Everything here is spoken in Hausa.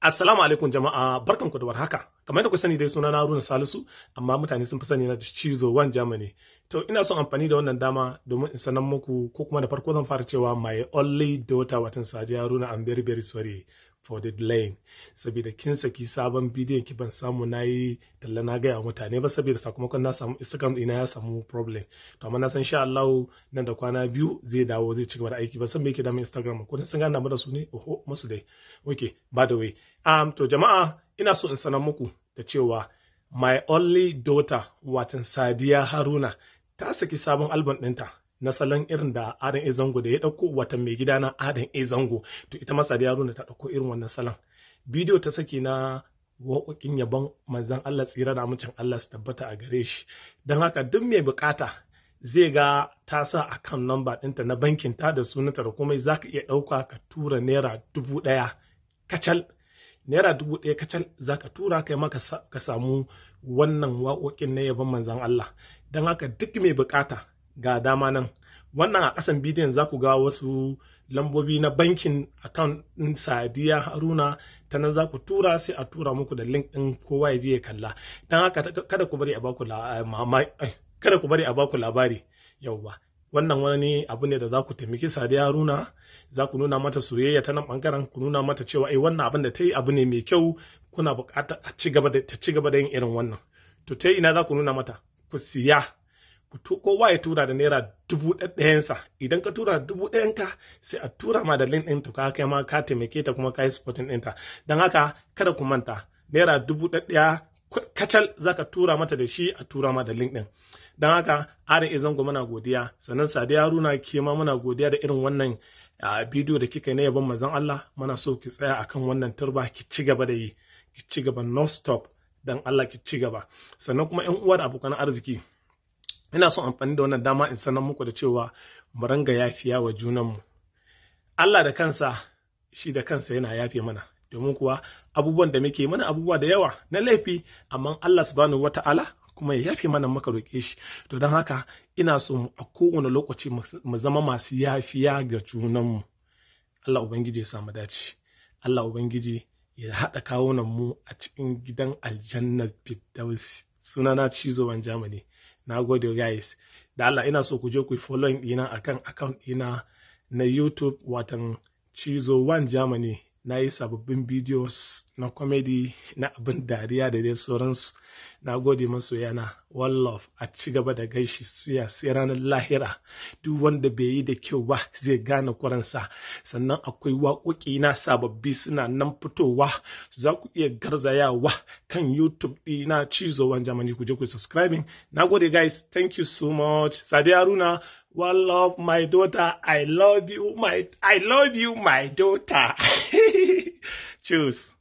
Assalamu alaikum jama'a ku da haka. Kamar da ku sani dai suna na Haruna Salisu amma mutane sun fi sani na Cizo Wan Germany. To ina son amfani da wannan dama domin in sanar muku ko kuma da farko zan fara cewa my only daughter watan Sajiya Haruna I'm very very for the delaying saboda kin saki sabon bidiyon ki ban samu na yi talla na gaya mutane ba saboda sakamakon na samu instagram ina ya samu problem to amma na san sha Allah nan da kwana biyu zai dawo zai ci gaba da aiki ba san me yake da instagram ko sun gana mana su ne oho masu dai okay by the way um to jama'a ina so in sanar muku da cewa my only daughter watan Sadiya Haruna ta saki sabon album ɗinta na salon irin da adan A Zango da ya dauko watan mai gida na adan A Zango to ita ma da yaro ta dauko irin wannan salon bidiyo ta saki na waƙoƙin yabon manzan Allah tsira da amincin Allah su tabbata a gare shi don haka duk mai bukata zai ga ta sa akan namba ɗinta na bankin ta da sunanta da komai zaka iya ɗauka ka tura naira dubu ɗaya kacal naira dubu ɗaya kacal zaka tura kai ma ka samu wannan waƙoƙin na yabon manzan Allah don haka duk mai bukata ga dama nan wannan a ƙasan bidiyon za ku ga wasu lambobi na bankin account ɗin sadiya haruna ta nan za ku tura sai a tura muku da link ɗin kowa ya je ya kalla don haka kada ku bari a baku eh, eh, kada ku bari a baku labari yauwa wannan wani abu ne da za ku taimaki sadiya haruna za ku nuna mata soyayya ta nan bangaren ku nuna mata cewa ai eh, wannan abin da ta yi abu ne mai kyau kuna buƙatar ta ci gaba da yin irin wannan to ta ina za ku nuna mata ku siya kowa ya tura da naira dubu ɗayansa idan ka tura dubu ɗayanka sai a tura ma da link ɗin to kai ma ka taimake ta kuma ka yi supporting ɗinta don haka kada ku manta naira dubu ɗaya kacal za ka tura mata da shi a tura ma da link ɗin don haka arin izango muna godiya sannan sadiya haruna ke ma muna godiya da irin wannan bidiyo da kika yi na yabon mazan allah muna so ki tsaya akan wannan turba ki ci gaba da yi ki ci gaba non stop don allah ki ci gaba sannan kuma yan uwar abokan arziki ina son amfani da wannan dama in sanar muku da cewa mu ranga yafiya wa junanmu Allah da kansa shi da kansa yana yafe mana domin kuwa abubuwan da muke mana abubuwa da yawa na laifi amma Allah subhanahu wata'ala kuma ya yafe mana muka roƙe shi to don haka ina so a kowane lokaci mu zama masu yafiya ga junanmu Allah ubangiji ya samu dace Allah ubangiji ya haɗa kawunan mu a cikin gidan aljannar Firdausi sunana cizo wan jamani na gode guys da Allah ina so ku je ku following ɗina akan account ɗina na YouTube watan Chizo One Germany na yi sababbin videos na comedy na abin dariya da dai sauransu na gode masu yana wallof a ci gaba da gaishe suya sai ranar lahira duk wanda bai yi da kyau ba zai gane kuransa sannan akwai waƙoƙi na sababbi suna nan fitowa za ku iya garzayawa kan youtube ɗina cizo wan jamani ku je ku subscribing na gode guys thank you so much sadi haruna well love, my daughter. I love you, my I love you, my daughter. Choose.